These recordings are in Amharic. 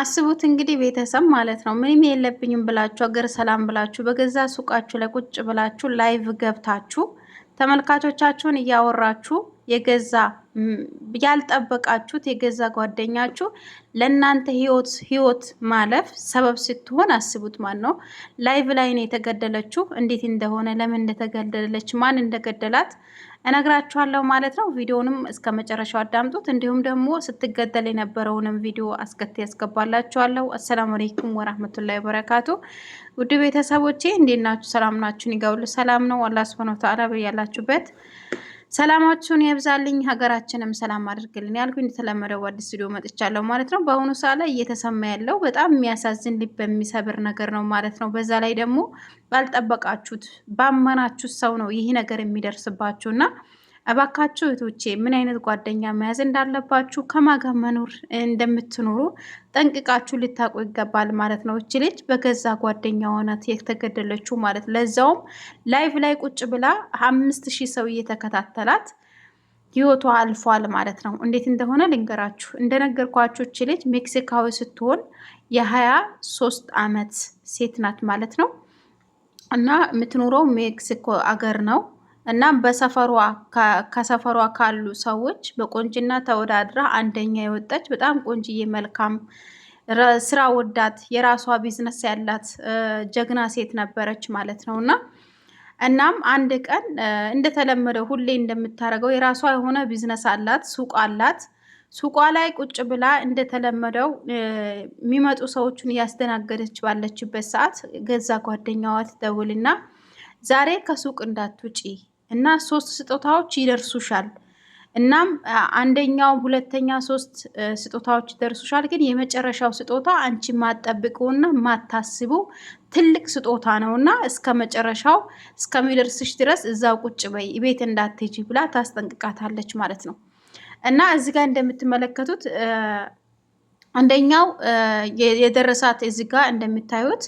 አስቡት እንግዲህ ቤተሰብ ማለት ነው። ምንም የለብኝም ብላችሁ አገር ሰላም ብላችሁ በገዛ ሱቃችሁ ላይ ቁጭ ብላችሁ ላይቭ ገብታችሁ ተመልካቾቻችሁን እያወራችሁ የገዛ ያልጠበቃችሁት የገዛ ጓደኛችሁ ለእናንተ ህይወት ህይወት ማለፍ ሰበብ ስትሆን አስቡት። ማን ነው ላይቭ ላይ ነው የተገደለችው? እንዴት እንደሆነ ለምን እንደተገደለች ማን እንደገደላት እነግራችኋለሁ ማለት ነው። ቪዲዮንም እስከ መጨረሻው አዳምጡት። እንዲሁም ደግሞ ስትገደል የነበረውንም ቪዲዮ አስከት ያስገባላችኋለሁ። አሰላሙ አለይኩም ወራህመቱላሂ ወበረካቱ። ውድ ቤተሰቦቼ እንዴት ናችሁ? ሰላም ናችሁን? ይገውል ሰላም ነው። አላህ ሱብሃነሁ ወተዓላ በያላችሁበት ሰላማችሁን ያብዛልኝ፣ ሀገራችንም ሰላም አድርግልን ያልኩ እንደተለመደው አዲስ ስቱዲዮ መጥቻለሁ ማለት ነው። በአሁኑ ሰዓት ላይ እየተሰማ ያለው በጣም የሚያሳዝን ልብ የሚሰብር ነገር ነው ማለት ነው። በዛ ላይ ደግሞ ባልጠበቃችሁት ባመናችሁት ሰው ነው ይህ ነገር የሚደርስባችሁ እና እባካችሁ እህቶቼ ምን አይነት ጓደኛ መያዝ እንዳለባችሁ ከማጋ መኖር እንደምትኖሩ ጠንቅቃችሁ ልታውቁ ይገባል ማለት ነው። እች ልጅ በገዛ ጓደኛ ሆናት የተገደለችው ማለት ለዛውም ላይቭ ላይ ቁጭ ብላ አምስት ሺህ ሰው እየተከታተላት ህይወቷ አልፏል ማለት ነው። እንዴት እንደሆነ ልንገራችሁ። እንደነገርኳችሁ እች ልጅ ሜክሲካዊ ስትሆን የሀያ ሶስት አመት ሴት ናት ማለት ነው እና የምትኖረው ሜክሲኮ አገር ነው እናም በሰፈሯ ከሰፈሯ ካሉ ሰዎች በቆንጅና ተወዳድራ አንደኛ የወጣች በጣም ቆንጅዬ መልካም ስራ ወዳት የራሷ ቢዝነስ ያላት ጀግና ሴት ነበረች ማለት ነው እና እናም አንድ ቀን እንደተለመደው ሁሌ እንደምታደርገው የራሷ የሆነ ቢዝነስ አላት፣ ሱቅ አላት። ሱቋ ላይ ቁጭ ብላ እንደተለመደው የሚመጡ ሰዎችን እያስተናገደች ባለችበት ሰዓት ገዛ ጓደኛዋ ትደውልና ዛሬ ከሱቅ እንዳትውጪ እና ሶስት ስጦታዎች ይደርሱሻል። እናም አንደኛው፣ ሁለተኛ፣ ሶስት ስጦታዎች ይደርሱሻል። ግን የመጨረሻው ስጦታ አንቺ ማጠብቀውና ማታስቡ ትልቅ ስጦታ ነው እና እስከ መጨረሻው እስከሚደርስሽ ድረስ እዛው ቁጭ በይ ቤት እንዳትሄጂ ብላ ታስጠንቅቃታለች ማለት ነው። እና እዚህ ጋር እንደምትመለከቱት አንደኛው የደረሳት እዚህ ጋር እንደምታዩት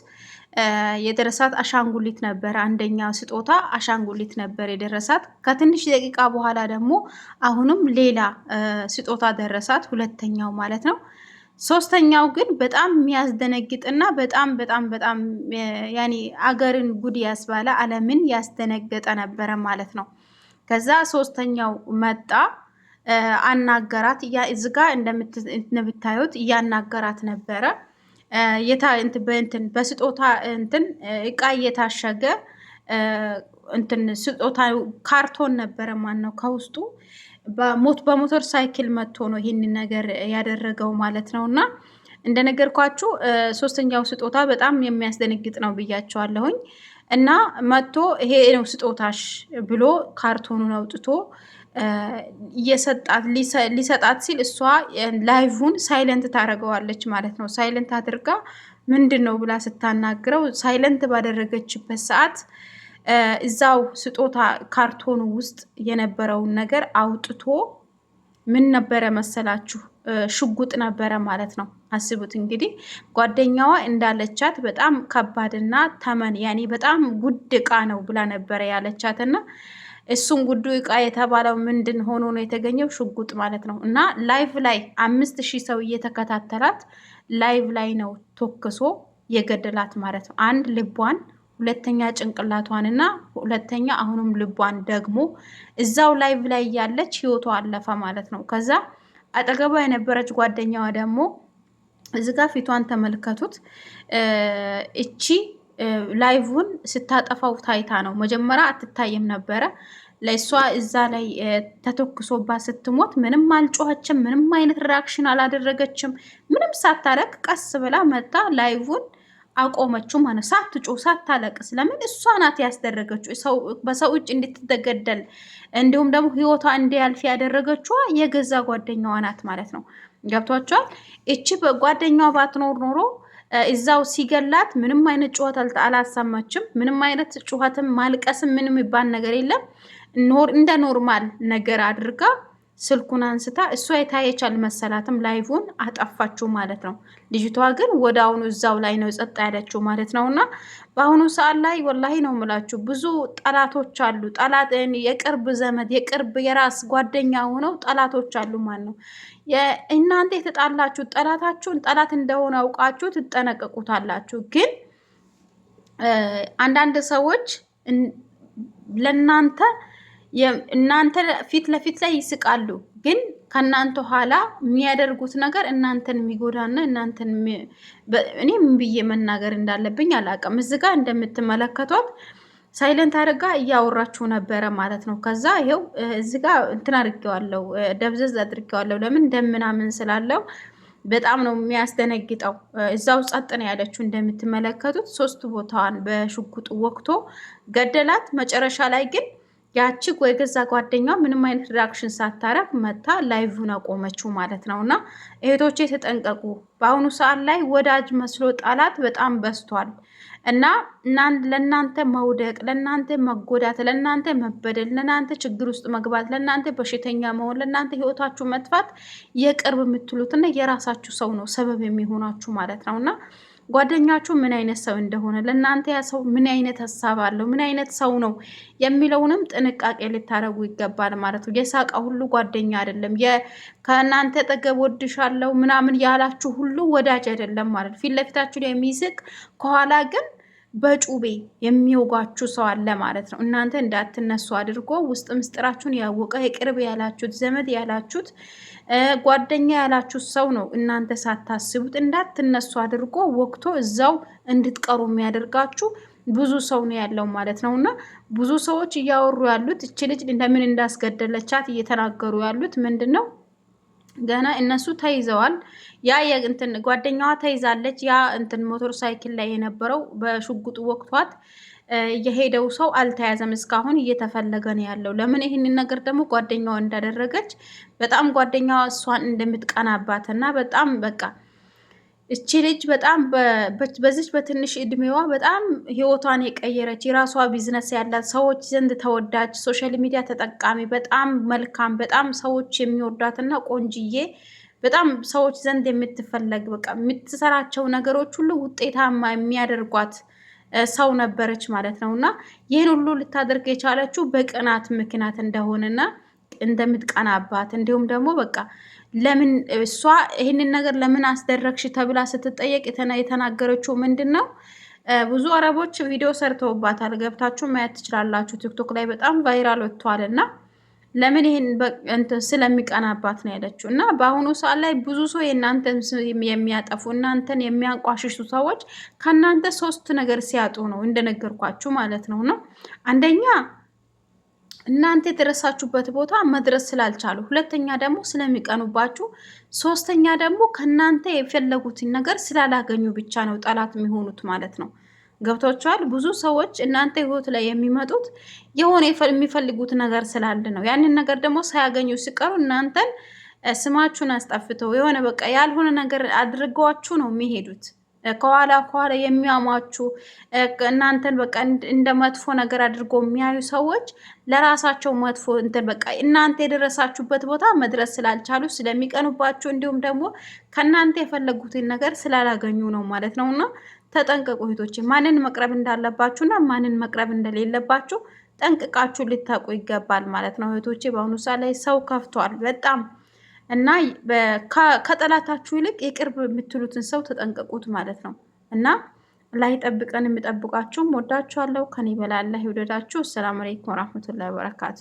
የደረሳት አሻንጉሊት ነበር። አንደኛ ስጦታ አሻንጉሊት ነበር የደረሳት። ከትንሽ ደቂቃ በኋላ ደግሞ አሁንም ሌላ ስጦታ ደረሳት፣ ሁለተኛው ማለት ነው። ሶስተኛው ግን በጣም የሚያስደነግጥና በጣም በጣም በጣም ያኔ አገርን ጉድ ያስባለ ዓለምን ያስደነገጠ ነበረ ማለት ነው። ከዛ ሶስተኛው መጣ አናገራት። እዚጋ እንደምታዩት እያናገራት ነበረ በእንትን በስጦታ እንትን እቃ እየታሸገ እንትን ስጦታ ካርቶን ነበረ ማን ነው ከውስጡ በሞተር ሳይክል መጥቶ ነው ይህን ነገር ያደረገው ማለት ነው እና እንደነገርኳችሁ ሶስተኛው ስጦታ በጣም የሚያስደነግጥ ነው ብያቸዋለሁኝ። እና መጥቶ ይሄ ነው ስጦታሽ ብሎ ካርቶኑን አውጥቶ እየሰጣት ሊሰጣት ሲል እሷ ላይቭን ሳይለንት ታደርገዋለች ማለት ነው። ሳይለንት አድርጋ ምንድን ነው ብላ ስታናግረው ሳይለንት ባደረገችበት ሰዓት እዛው ስጦታ ካርቶኑ ውስጥ የነበረውን ነገር አውጥቶ ምን ነበረ መሰላችሁ? ሽጉጥ ነበረ ማለት ነው። አስቡት እንግዲህ ጓደኛዋ እንዳለቻት በጣም ከባድና ተመን ያኔ በጣም ጉድ ዕቃ ነው ብላ ነበረ ያለቻትና እሱን ጉዱ እቃ የተባለው ምንድን ሆኖ ነው የተገኘው? ሽጉጥ ማለት ነው። እና ላይቭ ላይ አምስት ሺህ ሰው እየተከታተላት ላይቭ ላይ ነው ተኩሶ የገደላት ማለት ነው። አንድ ልቧን፣ ሁለተኛ ጭንቅላቷን እና ሁለተኛ አሁንም ልቧን ደግሞ እዛው ላይቭ ላይ እያለች ህይወቷ አለፈ ማለት ነው። ከዛ አጠገቧ የነበረች ጓደኛዋ ደግሞ እዚጋ ፊቷን ተመልከቱት እቺ ላይቭን ስታጠፋው ታይታ ነው። መጀመሪያ አትታይም ነበረ። ለእሷ እዛ ላይ ተተኩሶባት ስትሞት ምንም አልጮኸችም። ምንም አይነት ሪያክሽን አላደረገችም። ምንም ሳታረግ ቀስ ብላ መታ ላይቭን አቆመችው ማለት ሳትጮ ሳታለቅስ። ለምን እሷ ናት ያስደረገችው በሰው እጅ እንድትገደል እንዲሁም ደግሞ ህይወቷ እንዲያልፍ ያደረገችዋ የገዛ ጓደኛዋ ናት ማለት ነው። ገብቷቸዋል። እቺ በጓደኛዋ ባትኖር ኖሮ እዛው ሲገላት ምንም አይነት ጩኸት አላሰማችም። ምንም አይነት ጩኸትም ማልቀስም ምንም የሚባል ነገር የለም። እንደ ኖርማል ነገር አድርጋ ስልኩን አንስታ እሷ የታየች አልመሰላትም፣ ላይቭን አጠፋችው ማለት ነው። ልጅቷ ግን ወደ አሁኑ እዛው ላይ ነው ጸጥ ያለችው ማለት ነው። እና በአሁኑ ሰዓት ላይ ወላሂ ነው የምላችሁ ብዙ ጠላቶች አሉ። ጠላት የቅርብ ዘመድ፣ የቅርብ የራስ ጓደኛ ሆነው ጠላቶች አሉ ማለት ነው። እናንተ የተጣላችሁ ጠላታችሁን ጠላት እንደሆነ አውቃችሁ ትጠነቀቁታላችሁ። ግን አንዳንድ ሰዎች ለእናንተ እናንተ ፊት ለፊት ላይ ይስቃሉ፣ ግን ከእናንተ ኋላ የሚያደርጉት ነገር እናንተን የሚጎዳና እናንተን እኔም ብዬ መናገር እንዳለብኝ አላውቅም። እዚ ጋር እንደምትመለከቷት ሳይለንት አድርጋ እያወራችሁ ነበረ ማለት ነው። ከዛ ይኸው እዚ ጋ እንትን አድርጌዋለሁ፣ ደብዘዝ አድርጌዋለሁ። ለምን እንደምናምን ስላለው በጣም ነው የሚያስደነግጠው። እዛው ጸጥ ነው ያለችው እንደምትመለከቱት፣ ሶስት ቦታዋን በሽጉጥ ወቅቶ ገደላት። መጨረሻ ላይ ግን ያቺ ገዛ ጓደኛ ምንም አይነት ሪዳክሽን ሳታረግ መታ ላይቭን አቆመችው ማለት ነው። እና እህቶቼ ተጠንቀቁ። በአሁኑ ሰዓት ላይ ወዳጅ መስሎ ጠላት በጣም በዝቷል። እና ለእናንተ መውደቅ፣ ለእናንተ መጎዳት፣ ለእናንተ መበደል፣ ለእናንተ ችግር ውስጥ መግባት፣ ለእናንተ በሽተኛ መሆን፣ ለእናንተ ህይወታችሁ መጥፋት የቅርብ የምትሉትና የራሳችሁ ሰው ነው ሰበብ የሚሆናችሁ ማለት ነው እና ጓደኛችሁ ምን አይነት ሰው እንደሆነ ለእናንተ ያ ሰው ምን አይነት ሀሳብ አለው ምን አይነት ሰው ነው የሚለውንም ጥንቃቄ ልታደረጉ ይገባል ማለት ነው። የሳቀ ሁሉ ጓደኛ አይደለም። ከእናንተ ጠገብ ወድሻለሁ ምናምን ያላችሁ ሁሉ ወዳጅ አይደለም ማለት ፊት ለፊታችሁ የሚስቅ ከኋላ ግን በጩቤ የሚወጓችሁ ሰው አለ ማለት ነው። እናንተ እንዳትነሱ አድርጎ ውስጥ ምስጢራችሁን ያወቀ የቅርብ ያላችሁት ዘመድ ያላችሁት ጓደኛ ያላችሁት ሰው ነው። እናንተ ሳታስቡት እንዳትነሱ አድርጎ ወቅቶ እዛው እንድትቀሩ የሚያደርጋችሁ ብዙ ሰው ነው ያለው ማለት ነው። እና ብዙ ሰዎች እያወሩ ያሉት እች ልጅ እንደምን እንዳስገደለቻት እየተናገሩ ያሉት ምንድን ነው ገና እነሱ ተይዘዋል። ያ እንትን ጓደኛዋ ተይዛለች። ያ እንትን ሞተር ሳይክል ላይ የነበረው በሽጉጡ ወቅቷት የሄደው ሰው አልተያዘም። እስካሁን እየተፈለገ ነው ያለው። ለምን ይህንን ነገር ደግሞ ጓደኛዋ እንዳደረገች በጣም ጓደኛዋ እሷን እንደምትቀናባት እና በጣም በቃ እቺ ልጅ በጣም በዚች በትንሽ እድሜዋ በጣም ህይወቷን የቀየረች የራሷ ቢዝነስ ያላት ሰዎች ዘንድ ተወዳጅ ሶሻል ሚዲያ ተጠቃሚ በጣም መልካም በጣም ሰዎች የሚወዷትና ቆንጅዬ በጣም ሰዎች ዘንድ የምትፈለግ በቃ የምትሰራቸው ነገሮች ሁሉ ውጤታማ የሚያደርጓት ሰው ነበረች ማለት ነው። እና ይህን ሁሉ ልታደርግ የቻለችው በቅናት ምክንያት እንደሆነና እንደምትቀናባት እንዲሁም ደግሞ በቃ ለምን እሷ ይህንን ነገር ለምን አስደረግሽ ተብላ ስትጠየቅ የተናገረችው ምንድን ነው? ብዙ አረቦች ቪዲዮ ሰርተውባታል። ገብታችሁ ማየት ትችላላችሁ። ቲክቶክ ላይ በጣም ቫይራል ወጥቷል እና ለምን ይህን ስለሚቀናባት ነው ያለችው። እና በአሁኑ ሰዓት ላይ ብዙ ሰው የእናንተን የሚያጠፉ እናንተን የሚያንቋሽሹ ሰዎች ከእናንተ ሶስት ነገር ሲያጡ ነው እንደነገርኳችሁ ማለት ነው ነው አንደኛ እናንተ የደረሳችሁበት ቦታ መድረስ ስላልቻሉ፣ ሁለተኛ ደግሞ ስለሚቀኑባችሁ፣ ሶስተኛ ደግሞ ከእናንተ የፈለጉትን ነገር ስላላገኙ ብቻ ነው ጠላት የሚሆኑት ማለት ነው። ገብቷችኋል? ብዙ ሰዎች እናንተ ህይወት ላይ የሚመጡት የሆነ የሚፈልጉት ነገር ስላለ ነው። ያንን ነገር ደግሞ ሳያገኙ ሲቀሩ እናንተን ስማችሁን አስጠፍተው የሆነ በቃ ያልሆነ ነገር አድርገዋችሁ ነው የሚሄዱት። ከኋላ ከኋላ የሚያሟቹ እናንተን በቃ እንደ መጥፎ ነገር አድርጎ የሚያዩ ሰዎች ለራሳቸው መጥፎ እንትን በቃ እናንተ የደረሳችሁበት ቦታ መድረስ ስላልቻሉ ስለሚቀኑባችሁ፣ እንዲሁም ደግሞ ከእናንተ የፈለጉትን ነገር ስላላገኙ ነው ማለት ነው። እና ተጠንቀቁ እህቶቼ፣ ማንን መቅረብ እንዳለባችሁ እና ማንን መቅረብ እንደሌለባችሁ ጠንቅቃችሁ ልታውቁ ይገባል ማለት ነው እህቶቼ። በአሁኑ ሰዓት ላይ ሰው ከፍቷል በጣም እና ከጠላታችሁ ይልቅ የቅርብ የምትሉትን ሰው ተጠንቀቁት ማለት ነው። እና ላይ ጠብቀን የሚጠብቃችሁም ወዳችኋለሁ። ከኔ በላይ አላህ ይውደዳችሁ። አሰላሙ አለይኩም ወራህመቱላሂ ወበረካቱ።